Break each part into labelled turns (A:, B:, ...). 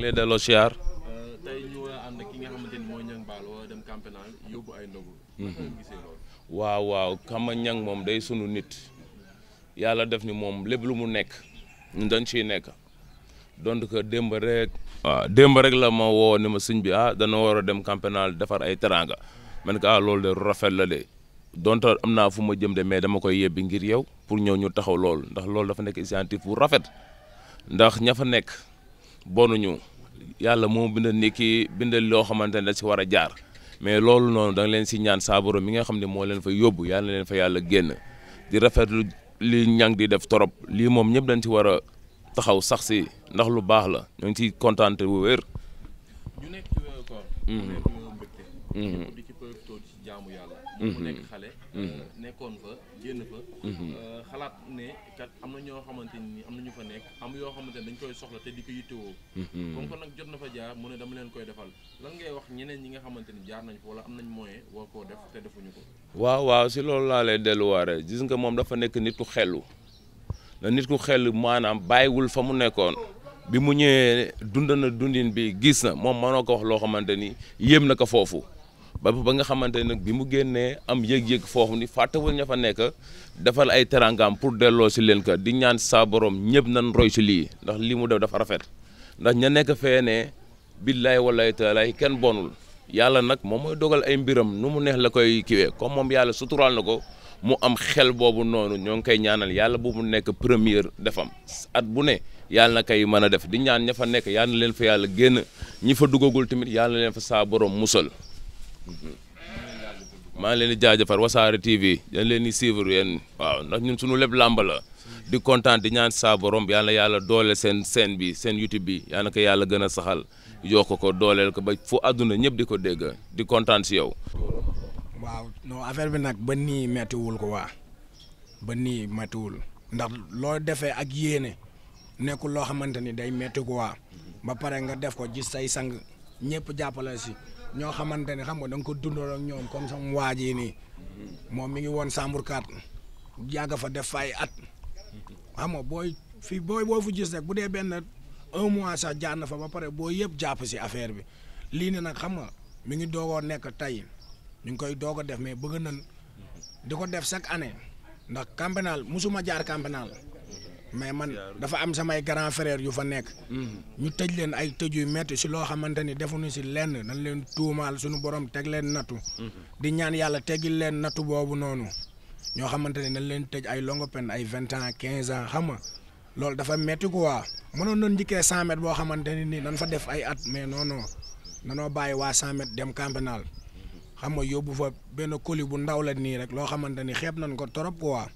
A: delloo siyaar. tey ki nga xamante ni mooy Niang Baal dem campagnat yóbbu ay ndogu. Mhm. waaw waaw xam nga Niang moom day sunu nit. yàlla def ni moom lépp lu mu nekk. ñu si ciy nekk. donc démb rek. waaw démb rek la ma woo ni ma sëñ bi ah dana war a dem campagnat defar ay teraanga. man ko ah loolu de rafet la de. donte am naa fu ma jëm de mais dama koy yebbi ngir yow pour ñëw ñu taxaw loolu ndax loolu dafa nekk initiative bu rafet. ndax ña fa nekk. bonuñu yàlla moo bindal ni ki bindal loo xamante ne da si war a jaar mais loolu noonu da leen si ñaan saaboro mi nga xam ne moo leen fa yóbbu yàlla leen fa yàlla génn di rafetlu li ñang di def torop lii moom ñëpp dañ si war a taxaw sax si ndax lu baax la ñu ngi ciy kontaan te bu nekk
B: ci wéru génn fa mhm. euh, xalaat ne kat am na ñoo xamante ni am na ñu fa nekk am yoo xamante ni dañ koy soxla te di ko yittewoo mhm. comme que nag jot na fa jaar mu ne dama leen koy defal lan ngay wax ñeneen ñi nga xamante ni jaar nañ fa wala am nañ moyen war koo def te defuñu ko
A: waaw waaw si loolu laa lay delluwaare gis nga moom dafa nekk nit ku xelu la nit ku xel maanaam bàyyiwul fa mu nekkoon bi mu ñëwee dund na dundiin bi gis na moom mënoo ko wax loo xamante ni yéem na ko foofu ba ba nga xamante ne nag bi mu génnee am yëg-yëg foofu ni fàttewul ña fa nekk defal ay terangaam pour delloo si leen ko di ñaan saa borom ñëpp nan roy si lii ndax lii mu def dafa rafet ndax ña nekk fee ne billaay walaay taalaay kenn bonul yàlla nag moom mooy dogal ay mbiram nu mu neex la koy kiwee comme moom yàlla suturaal na ko mu am xel boobu noonu ñoo ngi koy ñaanal yàlla bu mu nekk première defam at bu ne yàlla na koy mën a def di ñaan ña fa nekk yàlla na leen yàlla génn ñi fa duggagul tamit yàlla fa saa borom musal maa ngi leen di jaajëfal wasaare TV dañ leen di suivre yéen waaw ndax ñun suñu lépp làmbala di kontaan di ñaan saa borom yàlla yàlla doole seen seen bi seen YouTube bi yàlla ko yàlla gën a saxal yokk ko dooleel ko ba fu àdduna ñëpp di ko dégg di kontaan si yow.
C: waaw non affaire bi nag ba nii méttiwul ko waa ba nii méttiwul ndax loo defee ak yéene nekkul loo xamante ni day métti ko waa ba pare nga def ko gis say sang ñëpp jàppale si. ñoo xamante ne xam nga da ko dundoon ak ñoom comme sama waa ji nii moom mi ngi woon Sambourkat yàgg fa def fay at xam booy fii booy boo fu gis rek bu dee benn un mois sax jaar fa ba pare boo yëpp jàpp si affaire bi lii ne nag xam nga mi ngi doogoo nekk tey ñu ngi koy doog a def mais bëgg nañ di ko def chaque année ndax campénal musuma jaar campénal mais man dafa am samay grand frère yu fa nekk. Mhm. ñu tëj leen ay tëj yu métti si loo xamante ni defuñu si lenn dañ leen tuumaal suñu borom teg leen nattu. Mhm. di ñaan yàlla tegil leen nattu boobu noonu. ñoo xamante ne dañ leen tëj ay longopen ay vingt ans quinze ans xam nga loolu dafa métti quoi mënoon nañ njikkee cent boo xamante ne nii dañ fa def ay at mais noonu non nanoo bàyyi waa cent dem campénal mhm. xam nga yóbbu fa benn colis bu ndaw la nii rek loo xamante ni xeeb nañ ko trop quoi.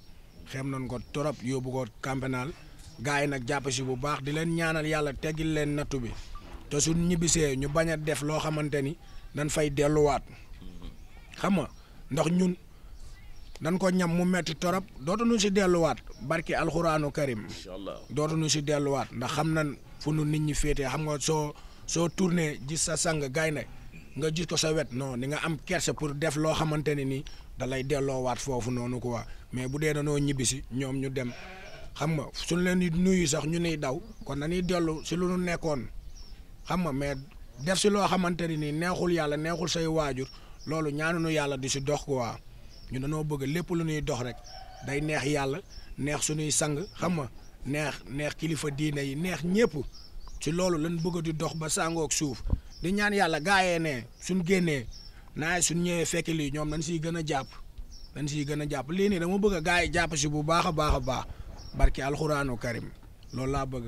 C: xem nañ ko trop yóbbu ko campénal gars yi nag jàpp si bu baax di leen ñaanal yàlla teggil leen nattu bi te suñ ñibbisee ñu bañ a def loo xamante ni dañ fay delluwaat xam nga ndax ñun dañ ko ñam mu metti torop dootuñu delluwaat barki alxuraanu karim dootuñu si delluwaat ndax xam fu nu nit ñi féetee xam nga soo soo tourné gis sa sang gaynde nga gis ko sa wet noo ni nga am kerse pour def loo xamante ne nii da lay delloowaat foofu noonu ko waa mais bu dee danoo ñibbisi ñoom ñu dem xam nga suñ leen di nuyu sax ñu nuy daw kon dañuy dellu si lu nu nekkoon xam nga mais def si loo xamante ni neexul yàlla neexul say waajur loolu ñaanuñu yàlla di si dox ko waa ñu danoo bëgg lépp lu ñuy dox rek day neex yàlla neex suñuy sang xam nga neex neex kilifa diine yi neex ñëpp ci loolu lañ bëgg di dox ba sàngook suuf di ñaan yàlla gaayee nee suñ génnee naaj suñ ñëwee fekk lii ñoom dañ siy gën a jàpp dañ siy gën a jàpp lii nii dama bëgg a gaa yi jàpp si bu baax a baax a baax barki alxuraanu karim loolu laa bëgg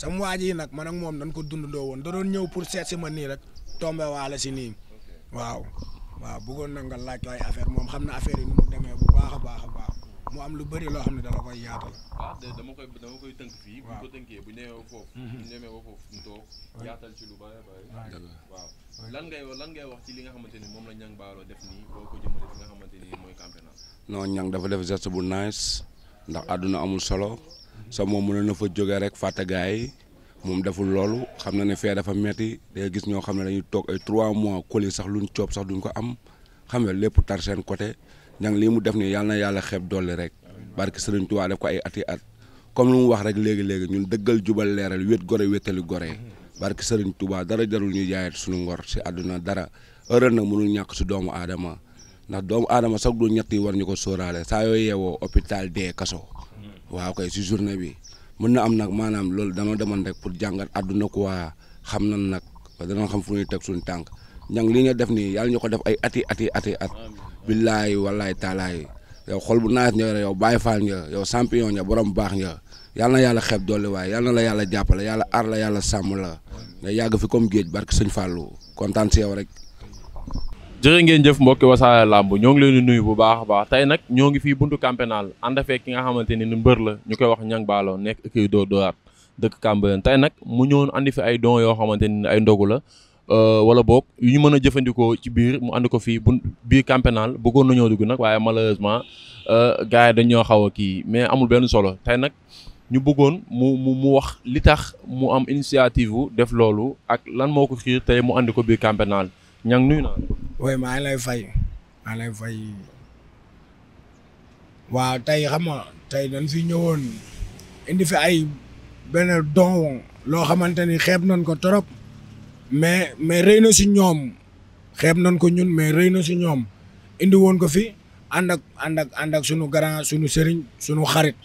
C: sama waa yi nag man ak moom dañ ko dundandoo woon da doon ñëw pour seet si ma nii rek tombé waale si nii waaw waaw bëggoon na nga laaj ay affaire moom xam na affaire yi nu mu demee bu baax a baax a baax mu am lu bëri loo xam ne dala koy yaatal. waaw ah, dama koy dama koy
B: ko tënkee bu ñu demee foofu. Mhm. bu ñu demee foofu ñu toog yaatal ci lu bëri bëri. waaw lan ngay lan ngay wax li nga xamante ni moom la Niang Baalo def nii boo ko jëmale fi mooy championnat.
D: non Niang dafa def geste bu nice ndax àdduna amul solo mhm. sa moom mun na fa jógee rek fàtte gaa yi moom deful loolu xam na ne fee dafa metti day gis ñoo xam ne dañuy toog trois mois colis sax luñ coob sax duñ ko am xam nga lépp tar seen côté. ñang lii mu def nii yàlla na yàlla xeeb dolli rek barke Sëriñ Tuubaa def ko ay ati at comme lu mu wax rek léegi-léegi ñun dëggal jubal leeral wét gore wétali gore barke Sëriñ Tuubaa dara jarul ñu jaayat suñu ngor si àdduna dara heurel nag mënul ñàkk si doomu aadama ndax doomu aadama sax du ñetti war ñu ko sóoraale saa yoo yeewoo hôpital dee kaso waaw kay si journée bi mën na am nag maanaam loolu dama demoon rek pour jàngat àdduna ko waa xam nan nag dana xam fu ñuy teg suñu tànk ñang li nga def nii yàlla ñu ko def ay ati ati ati at billaay wallaay taalaay yow xol bu naat ña yow Baye Fall ña yow champion ña borom baax ña yàlla na yàlla xeeb doole waaye yàlla na la yàlla jàppale yàlla aar la yàlla sàmm la nga yàgg fi comme géej barke sëñ Fallou kontaan si yow rek.
B: jërë ngeen jëf mbokki wasaare làmb ñoo ngi leen di nuyu bu baax a baax tey nag ñoo ngi fi buntu campénal ànd fee ki nga xamante ni ni mbër la ñu koy wax ñang baalo nekk kii doo dooraat dëkk Cambérène tey nag mu ñëwoon andi fi ay don yoo xamante ni ay ndogu la Euh, wala boog yu ñu mën a jëfandikoo ci biir mu ànd ko fii bu biir camp pénal bëggoon nañoo dugg nag waaye malheureusement euh, gars yi dañoo xaw a kii mais amul benn solo tey nag ñu bëggoon mu mu mu wax li tax mu am initiative wu def loolu ak lan moo ko xiir tey mu àndi ko biir camp pénal ñang nuyu naa.
C: oui maa lay fay maa ngi lay fay waaw tey xam nga tey dañ fi ñëwoon indi fi ay benn don loo xamante ni xeeb nañ ko trop. mais mais rëy na si ñoom xeeb nañ ko ñun mais rëy na si ñoom indi woon ko fi ànd ak ànd ak sunu grand sunu sëriñ sunu xarit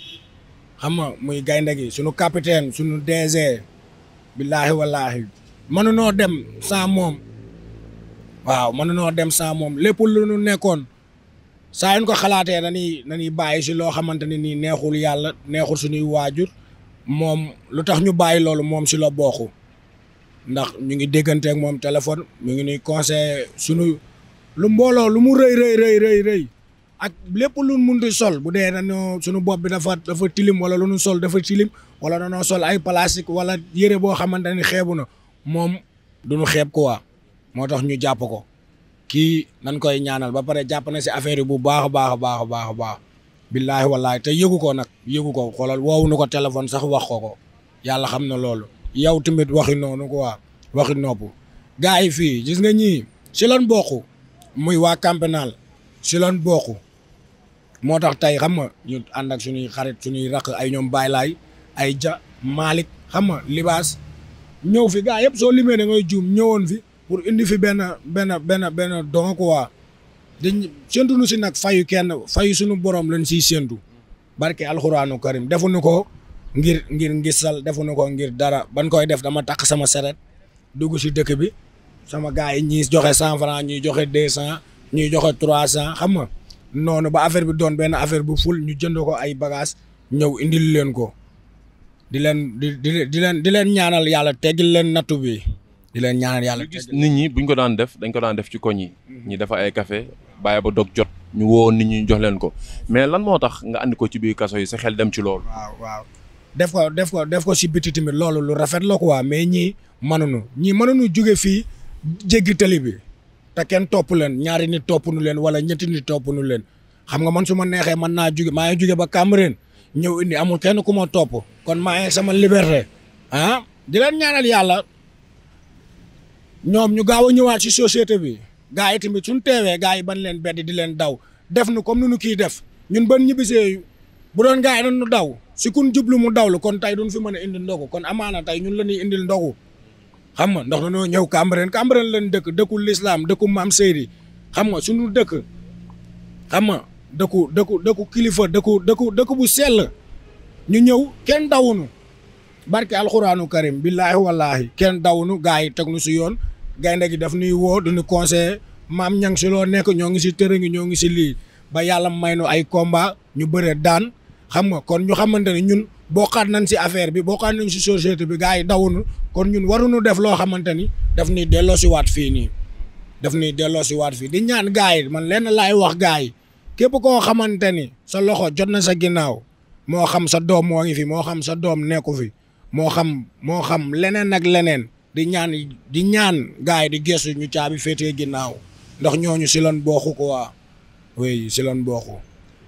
C: xam nga muy gaynde gi sunu capitaine sunu DG billaahi wallaahi mënunoo dem sans moom waaw mënunoo dem sans moom lépp lu nu nekkoon saa ko xalaatee dañuy dañuy bàyyi si loo xamante ne nii neexul yàlla neexul suñuy waajur moom lu tax ñu bàyyi loolu moom si la bokku ndax ñu ngi déggante ak moom téléphone mu ngi nuy conseil sunu lu mbooloo lu mu rëy rëy rëy rëy ak lépp lu mun di sol bu dee dañoo sunu bopp bi dafa dafa tilim wala lu nu sol dafa tilim wala dañoo sol ay plastique wala yére boo xamante ni xeebu na moom du xeeb xeeb quoi moo tax ñu jàpp ko kii nañ koy ñaanal ba pare jàpp na si affaire yi bu baax a baax a baax a baax a baax billaahi wallaahi te yëgu ko nag yëgu ko xoolal woowu ko téléphone sax wax ko ko yàlla xam na loolu yow tamit waxi noonu quoi waxi nopp gars yi fii gis nga ñii si lan bokk muy waa campenal si lan moo tax tey xam nga ñu ànd ak suñuy xarit suñuy raq ay ñoom Baye Laye ay ja Malick xam nga libaas ñëw fi gars yëpp soo limee da ngay juum ñëwoon fi pour indi fi benn benn benn benn don quoi dañ séntu nu si nag fayu kenn fayu sunu borom lañ siy séntu barke alxuraanu karim defuñu ko. ngir ngir ngir sal defuñu ko ngir dara ban koy def dama takk sama seret dugg si dëkk bi sama gars yi ñi joxe cent franc ñuy joxe deux cent ñuy joxe trois cent xam nga noonu ba affaire bi doon benn affaire bu ful ñu jënd ko ay bagages ñëw indil leen ko di leen di di leen di leen ñaanal yàlla teggil leen nattu bi di leen ñaanal yàlla. nit
B: ñi buñ ko daan def dañ ko daan def ci koñ yi. Mhm. ñu defa ay kafe bàyyi ba dog jot. ñu woo nit ñi jox leen ko mais lan moo tax nga andi ko ci biir kaso yi sa xel dem ci loolu.
C: def ko def ko def ko tamit loolu lu rafet la waa mais ñii mënuñu ñii mënuñu jóge fii jéggi tali bi te kenn topp leen ñaari nit topp nu leen wala ñetti nit topp nu leen xam nga man su ma neexee mën naa juge maa ngi jóge ba Cameroun ñëw indi amul kenn ku ma topp kon maa sama liberté ah di leen ñaanal yàlla ñoom ñu gaaw a ñëwaat si société bi gars yi tamit suñ teewee gars yi ban leen bedd di leen daw def nu comme nu nu kii def ñun ban ñibbisee bu doon gars yi dañu daw si kun jublu mu daw la kon tey duñ fi mën a indi ndogu kon amaana tey ñun la ñuy indil ndogu xam nga ndax dañoo ñëw Cambérène Cambérène lañ dëkk dëkku lislaam dëkku maam Seydi xam nga suñu dëkk xam nga dëkku dëkku dëkku kilifa dëkku dëkku dëkk bu sell ñu ñëw kenn dawunu barke alxuraanu karim billaahi wallaahi kenn dawunu gars yi teg nu si yoon gaynde gi daf nuy woo duñu conseillé maam ñang si loo nekk ñoo ngi si tërë ngi ñoo ngi si lii ba yàlla may nu ay komba ñu bëre daan xam nga kon ñu xamante ne ñun bokkaat nañ si affaire bi bokkaat nañ si société bi gars yi dawunu kon ñun waruñu def loo xamante ni daf ni delloo si waat fii nii daf ni delloo si waat fii di ñaan gars yi man lenn laay wax gars yi képp koo xamante ni sa loxo jot na sa ginnaaw moo xam sa doom moo fi moo xam sa doom nekku fi moo xam moo xam leneen ak leneen di ñaan di ñaan gars yi di gëstu ñu caabi féetee ginnaaw ndax ñooñu si lan bokku quoi oui si lan bokku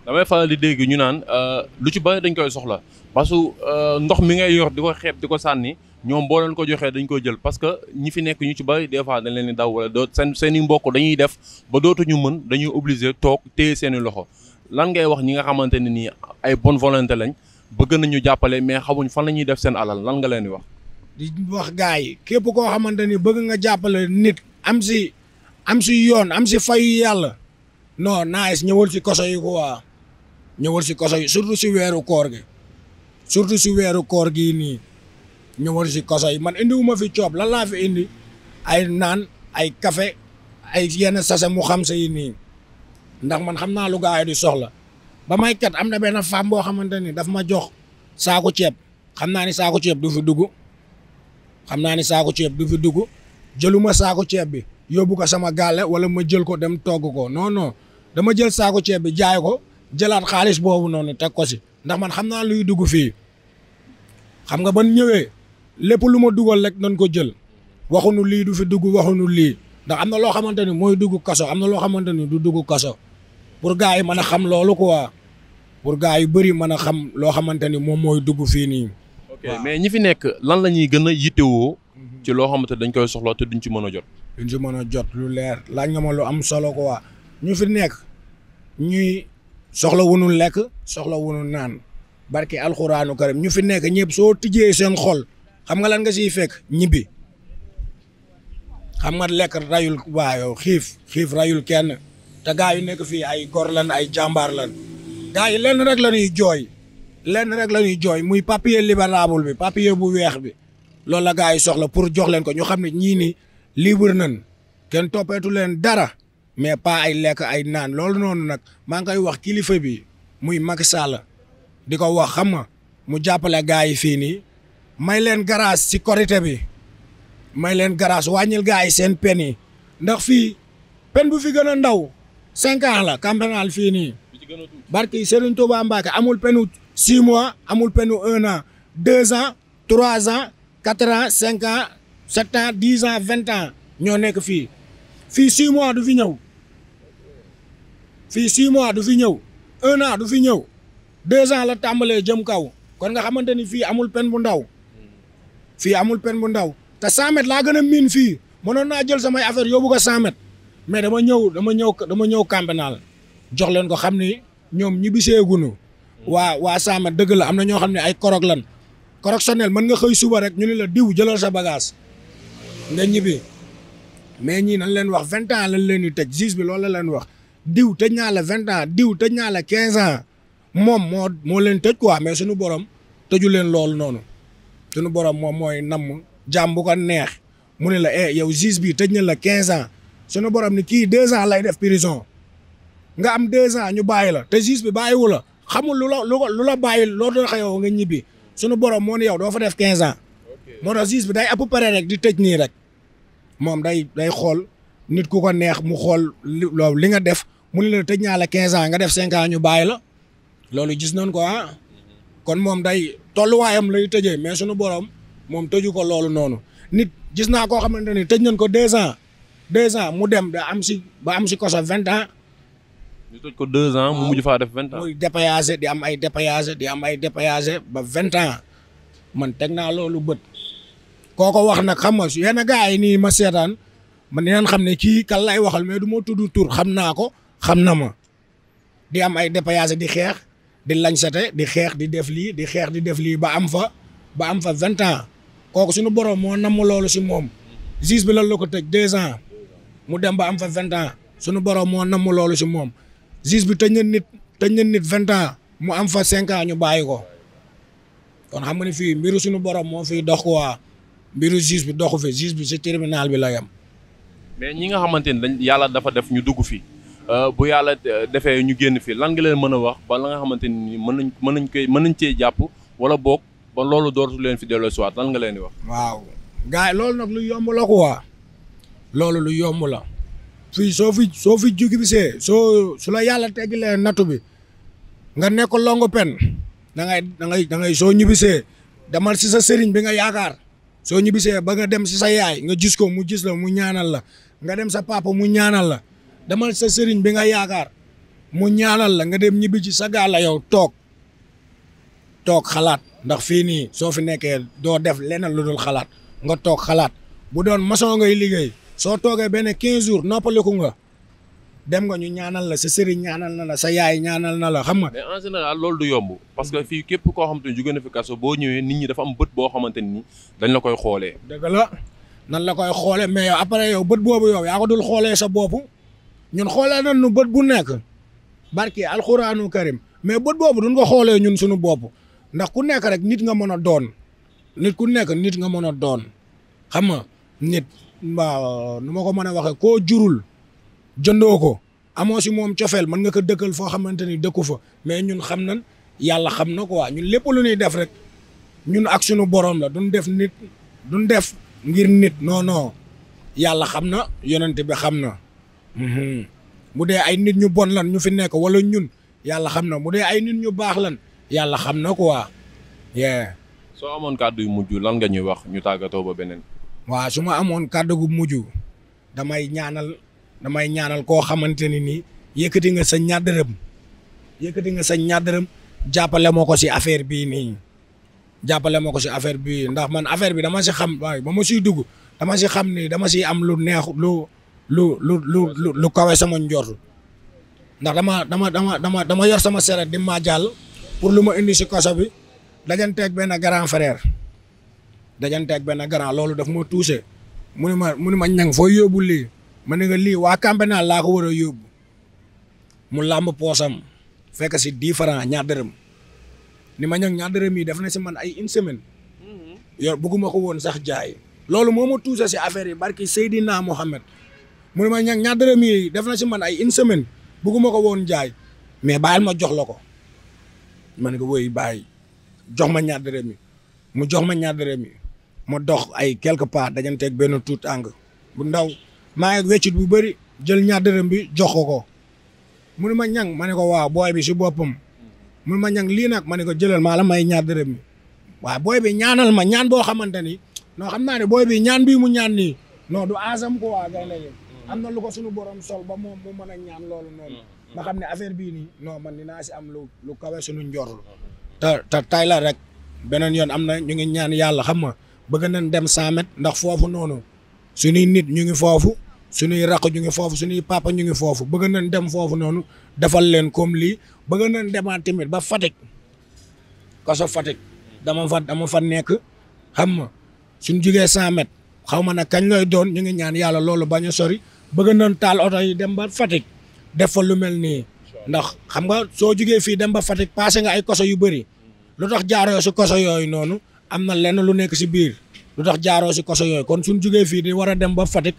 B: damay faral di dégg ñu naan euh, lu ci bari dañ koy soxla parce que euh, ndox mi ngay yor di ko xeeb di ko sànni ñoom boo leen ko joxee dañ koy jël parce que ñi fi nekk ñu ci bari des fois dañ leen di daw wala doo seen seen mbokk dañuy def ba dootuñu mën dañuy obligé toog téye seeni loxo lan ngay wax ñi nga xamante ne nii ay bonne volonté lañ bëgg nañu jàppale mais xamuñ fan la ñuy def seen alal lan nga leen di wax.
C: di wax gars yi képp koo xamante ni bëgg nga jàppale nit am si am si yoon am si fayu yàlla non naa ñëwal si ñëwal si koso yi surtout si weeru koor gi surtout si weeru koor gii nii ñëwal si koso yi man indiwuma fi coob lan laa fi indi ay naan ay kafe ay yenn sase mu xam sa yi nii ndax man xam naa lu gaa yi di soxla ba may kat am na benn femme boo xamante ni daf ma jox saaku ceeb xam naa ni saaku ceeb du fi dugg xam naa ni saaku ceeb du fi dugg jëluma saaku ceeb bi yóbbu ko sama gaale wala ma jël ko dem togg ko noonoo non dama jël saaku ceeb bi jaay ko jëlaat xaalis boobu noonu teg ko si ndax man xam naa luy dugg fii xam nga ban ñëwee lépp lu ma dugal rek nañ ko jël waxuñu lii du fi dugg nu lii ndax am na loo xamante ni mooy dugg kaso am na loo xamante ni du dugg kaso pour gars yi mën a xam loolu ko waa pour gars yi bëri mën a xam loo xamante ni moom mooy dugg fii nii.
B: mais ñi fi nekk lan la ñuy gën a yittewoo ci loo xamante dañ koy soxla te duñ ci mën a jot.
C: duñ ci mën a jot lu leer laaj nga ma lu am solo ko waa ñu fi nekk ñuy. soxla wunu lekk soxla wunu naan barke alxuraanu karim ñu fi nekk ñëpp soo tijee seen xol xam nga lan nga siy fekk ñibbi xam nga lekk rayul waayo xiif xiif rayul kenn te gaa yu nekk fii ay gor lan ay jàmbaar lan gaa yi lenn rek la ñuy jooy lenn rek la ñuy jooy muy papier libérable bi papier bu weex bi loolu la gaa yi soxla pour jox leen ko ñu xam ne ñii ni libre nañ kenn toppeetu leen dara mais pas ay lekk ay naan loolu noonu nag maa ngi koy wax kilifa bi muy Macky Sall di ko wax xama mu jàppale gars yi fii nii may leen garage si korité bi may leen garage wàññil gars yi seen pen yi ndax fii pen bu fi gën a ndaw cinq ans la campénal fii nii barki Serigne Touba Mbacke amul penu six mois amul penu un an deux ans trois ans quatre ans cinq ans sept ans dix ans vingt ans ñoo nekk fii fii six mois du fi ñëw fii six mois du fi ñëw un an du fi ñëw deux ans la tàmbalee jëm kaw kon nga xamante ni fii amul pen bu ndaw fii amul pen bu ndaw te cent laa gën a miin fii mënoon naa jël samay affaire yóbbu ko cent mètres dama ñëw dama ñëw dama ñëw campénal jox leen ko xam ni ñoom ñi bisee gunu waa waa cent dëgg la am na ñoo xam ne ay korog lan korog sonel mën nga xëy suba rek ñu ne la diw jëlal sa bagas nga ñibbi mais ñii nañ leen wax vingt ans lañ leen di tëj juge bi loolu la leen wax diw tëj naa la vingt ans diw tëj naa la quinze ans moom moo moo leen tëj quoi mais suñu borom tëju leen loolu noonu sunu borom moom mooy namm jàmm bu ko neex mu ne la eh yow juge bi tëj na la quinze ans sunu borom ni kii deux ans lay def prison nga am deux ans ñu bàyyi la te juge bi bàyyiwu la xamul lu la lu la bàyyi loolu la yow nga ñibbi sunu borom moo ne yow doo fa def quinze ans moo tax juge bi day à peu près rek di tëj nii rek moom day day xool nit ku ko neex mu xool li nga def mu ne la tej naa la quinze ans nga def cinq ans baay la loolu gis nañ ko ah kon moom day tolluwaayam lay tëjee mais sunu borom moom tëju ko loolu noonu nit gis naa koo xamante ni tej nañ ko deux ans deux ans mu dem da am si ba si koso vingt ans.
B: ñu tëj ko deux ans mu mujj
C: faa def vingt ans. muy dépaysé di am ay dépaysé di am ay dépaysé ba vingt ans man teg naa loolu bët. kooko wax nag xam nga yenn gars yi nii ma seetaan man dinañ xam ne kii kan lay waxal mais du moo tudd tur xam naa ko. xam na ma di am ay dépassé di xeex di lañsate di xeex di def lii di xeex di def lii ba am fa ba am fa vingt ans kooku sunu borom moo namm loolu si moom juge bi lan la ko tëj deux ans mu dem ba am fa vingt ans suñu borom moo namm si moom juge bi tëj na nit tëj na nit vingt ans mu am fa cinq ans ñu bàyyi ko kon xam nga ne fii mbiru suñu borom moo fiy dox quoi mbiru juge bi dox doxu fi juge bi si tribunal bi la yam
B: mais ñi nga xamante ni dañ yàlla dafa def ñu dugg fii. Euh, bu yàlla euh, defee ñu génn fii lan nga leen mën a wax ba la nga xamante ni mën nañ mën nañ koy mën nañ cee jàpp wala boog ba loolu dootu leen fi delloo siwaat lan nga leen di wax.
C: waaw gars loolu nag lu yomb la quoi loolu lu yomb la fii soo fi soo fi jugisee soo su la yàlla teggilee natu bi nga nekk longu pen da ngay da ngay soo ñibbisee demal si sa sëriñ bi nga yaakaar soo ñibbisee ba nga dem si sa yaay nga gis ko mu gis la mu ñaanal la nga dem sa papa mu ñaanal la. demal sa sëriñ bi nga yaakaar mu ñaanal la nga dem ñibbi ci sa gaal la yow toog toog xalaat ndax fii nii soo fi nekkee doo def leneen lu dul xalaat nga toog xalaat bu doon maçon ngay liggéey soo toogee benn 15 jours noppaliku nga dem nga ñu ñaanal la sa sëriñ ñaanal na la sa yaay ñaanal na la xam nga.
B: mais en général loolu du yomb parce que fii képp koo xam ni jóge na fi kaso boo ñëwee nit ñi dafa am bët boo xamante ni dañ la koy xoolee.
C: daga la nan la koy xoolee mais yow yow bët boobu yow yaa ko dul xoolee sa bopp ñun xoolee nañ nu bët bu nekk barki alxuraanu karim mais bët boobu duñ ko xoolee ñun suñu bopp ndax ku nekk rek nit nga mën a doon nit ku nekk nit nga mën a doon xam nga nit waaw nu ma ko mën a waxee ko jurul jëndoo ko amoo si moom cofeel mën nga ko dëkkal foo xamante ni dëkku fa mais ñun xam nañ yàlla xam na ko quoi ñun lépp lu ñuy def rek ñun ak sunu borom la duñ def nit duñ def ngir nit non yàlla xam na yonent bi xam na. mu mhm. dee ay nit ñu bon lan ñu fi nekk wala ñun yàlla xam na mu dee ay nit ñu baax lan yàlla xam na quoi. soo amoon
B: kàddu yu mujj lan nga ñuy wax ñu tàggatoo ba beneen.
C: waaw su ma amoon kàddu gu mujj damay ñaanal damay ñaanal koo xamante ne nii yëkkati nga sa ñaar yëkkati nga sa ñaar jàppale moo ko si affaire bii nii jàppale ma ko si affaire bii ndax man affaire bi dama si xam waaye ba ma siy dugg dama si xam ni dama si am lu neex lu. lu lu lu lu lu kawe sama njort ndax dama dama dama dama dama yor sama sere di ma jàll pour lu ma indi si koso bi dajanteeg benn grand frère dajanteeg benn grand loolu daf ma touché mu ne ma mu ne ñang foo yóbbu lii ma ne nga lii waa Campenal laa ko war a yóbbu mu làmb poosam fekk si dix francs ñaar dërëm ni ma ñang ñaar yi def na si man ay une semaine mhm. yor bëgguma woon sax jaay loolu moo ma touché si affaire yi barki Seydina Mohamed mu ma ña ñaar dërëm yi def na si man ay une semaine bugguma ko woon jaay mais bàyyil ma jox la ko ma ne ko woy bàyyi jox ma ñaar dërëm yi mu jox ma ñaar dërëm yi ma dox ay quelque part teg benn tuut ang bu ndaw maa ngi weccit bu bëri jël ñaar dërëm bi jox ko ko ma ñang ma ne ko waaw booy bi si boppam mun ne ma ñang lii nag ma ne ko jëlal maa la may ñaar dërëm yi waaw booy bi ñaanal ma ñaan boo xamante ni non xam naa ne booy bi ñaan bii mu ñaan nii non du aasam ko waa gay am na lu ko suñu borom sol ba moom mu mën a ñaan loolu noonu. ma mm-hmm. xam ne affaire bii nii non man dinaa si am lu lu kawe suñu njorlu. Mm-hmm. te te tay rek beneen yoon am na ñu ngi ñaan yàlla xam nga bëgg na dem 100 ndax foofu noonu suñuy nit ñu ngi foofu suñuy raq ñu foofu suñuy papa ñu ngi foofu bëgg na dem foofu noonu defal leen comme lii bëgg nañ demaat tamit ba Fatick kaso fatik dama fa dama fa nekk xam ma suñ jugee 100 mètres xaw ma na kañ looy doon ñu ngi ñaan yàlla loolu bañ a sori. bëgg nañ taal oto yi dem ba Fatick def fa lu mel nii ndax xam nga soo jugee fii dem ba Fatick passé nga ay koso yu bëri lu tax jaaroo si koso yooyu noonu am na lenn lu nekk si biir lu tax jaaroo si koso yooyu kon suñ jugee fii di war a dem ba Fatick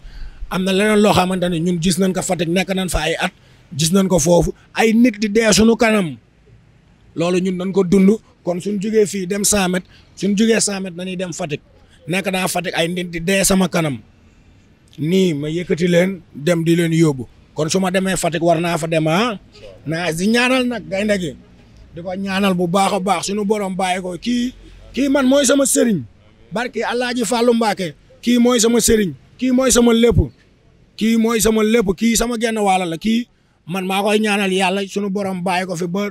C: am na leneen loo xamante ne ñun jis nañ ko Fatick nekk nañ fa ay at gis nañ ko foofu ay nit di dee suñu kanam loolu ñun dañ ko dund kon suñ jugee fii dem 100 mètres suñ jugee 100 mètres dañuy dem Fatick nekk naa Fatick ay nit di dee sama kanam. nii ma yëkkati leen dem di leen yóbbu kon su ma demee Fatick war naa fa dem ah naa ñaanal nag gaynde gi di ko ñaanal bu baax a baax suñu borom bàyyi ko kii kii man mooy sama sëriñ barki Alaaji Fàllu Mbàkke kii mooy sama sëriñ kii mooy sama lépp kii mooy sama lépp kii sama genn wàll la kii man maa koy ñaanal yàlla sunu borom bàyyi ko fi ba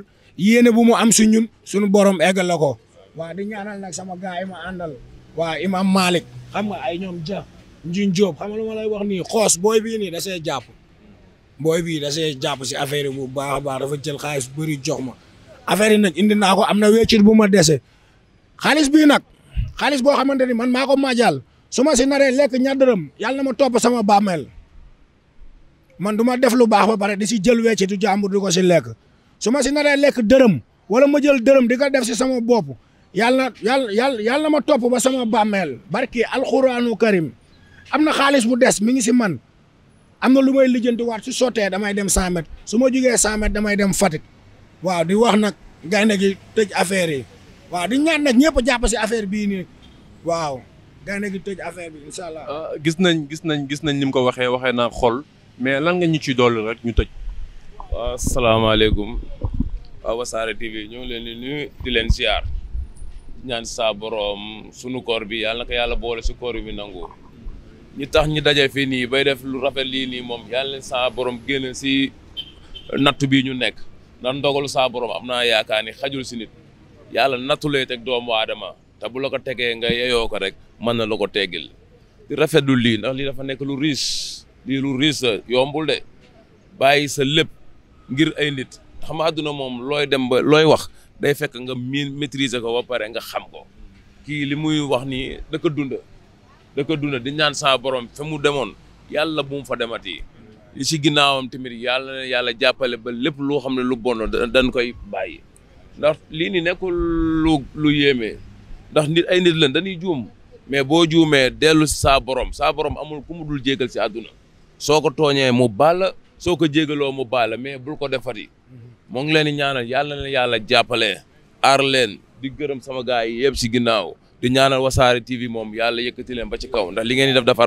C: yéene bu mu am su ñun sunu borom eggal ko waa di ñaanal nag sama gaay ma àndal waa Imam Malick xam nga ay ñoom ja njiñ Jóob xam nga lu wax nii xoos booy bii nii da see jàpp booy bii da see jàpp si affaire yi bu baax a baax dafa jël xaalis bëri jox ma affaire yi nag indi naa ko am na weccit bu ma dese xaalis bii nag xaalis boo xamante ni man maa ko maajal su ma si naree lekk ñaar dërëm yàlla na ma topp sama bàmmeel man du ma def lu baax ba bari di si jël weccitu jàmbur di ko si lekk su ma si naree lekk dërëm wala ma jël dërëm di ko def si sama bopp yàlla yàlla yàlla ma topp ba sama bàmmeel barki alxuraanu karim am na xaalis bu des mi ngi si man am na lu may lijjantiwaat su sotee damay dem 100 su ma jugee 100 damay dem Fatick waaw di wax nag gaynde gi tëj affaire yi waaw di ñaan nag ñëpp a jàpp si affaire bii nii waaw gaynde gi tëj affaire bi incha allah. Ah,
B: gis nañ gis nañ gis nañ ni mu ko waxee waxee naa xol mais lan nga ñu ci dolli rek ñu tëj. waaw salaamaaleykum
A: waaw Wassare TV ñu leen di nuyu di leen ziar ñaan saa borom sunu koor bi yàlla na ko yàlla boole si koor bi nangu. ñi tax ñi daje fii nii bay def lu rafet lii nii moom yàlla leen saa borom génn si natt bii ñu nekk ndax ndogalu saa borom am naa yaakaar ni xajul si nit yàlla nattu lay teg doomu aadama te bu la ko tegee nga yeyoo ko rek mën na la ko teggil di rafetlu lii ndax li dafa nekk lu riche lii lu riis la yombul de bàyyi sa lépp ngir ay nit xam nga àdduna moom looy dem ba looy wax day fekk nga miin maîtriser ko ba pare nga xam ko kii li muy wax nii da ko dund da ko dunda di ñaan saa borom fa mu demoon yàlla bu fa demati si ginnaawam tamit yàlla na yàlla jàppale ba lépp loo xam ne lu bon dañ koy bàyyi ndax lii ni nekkul lu lu yéeme ndax nit ay nit lañ dañuy juum mais boo juumee dellu si saa borom saa borom amul ku mu dul jégal si àdduna soo ko tooñee mu baal soo ko jégaloo mu baal mais bul ko defati moo ngi leen di ñaanal yàlla na yàlla jàppale aar leen di gërëm sama gars yi yëpp si ginnaaw. di ñaanal wasaare TV moom yàlla yëkkati leen ba ci kaw ndax li ngeen di def dafa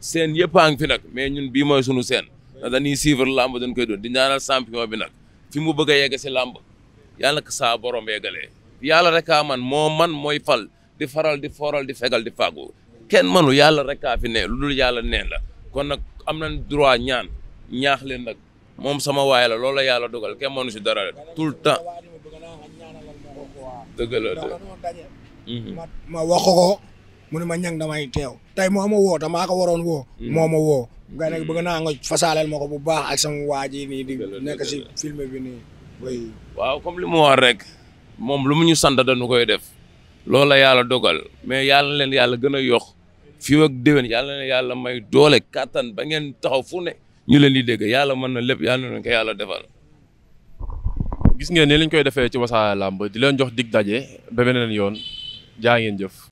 A: seen yëpp a ngi fi nag mais ñun bii mooy sunu seen ndax dañuy suivre làmb dañ koy doon di ñaanal champion bi nag fi mu bëgg a yegg si làmb yàlla ko saa borom yeggalee yàlla rek a man moo man mooy fal di faral di foral di fegal di fàggu kenn mënu yàlla rek a fi ne lu dul yàlla neen la kon nag am nañ droit ñaan ñaax leen nag moom sama waay la loolu la yàlla dogal kenn mënu si dara tout le temps Mhm. ma
C: ma wax ko mu ne ma ñang damay teew tey moo ma woo te maa ko waroon woo. Mhm. moo ma woo. nga ne mhm. bëgg naa nga fasaaleel ma ko bu baax ak sama waa ji nii di nekk si film bi nii.
A: waaw comme li mu wax rek moom lu mu ñu sant dañu koy def. loolu la yàlla dogal mais yàlla leen yàlla gën a yokk fii ak déwén yàlla leen yàlla may doole kàttan ba ngeen taxaw fu ñu leen di dégg yàlla mën na lépp yàlla na ko yàlla defal.
B: gis ngeen ni lañ koy defee ci Wassare Lamb di leen jox dig daje ba beneen yoon. jaa ngeen jëf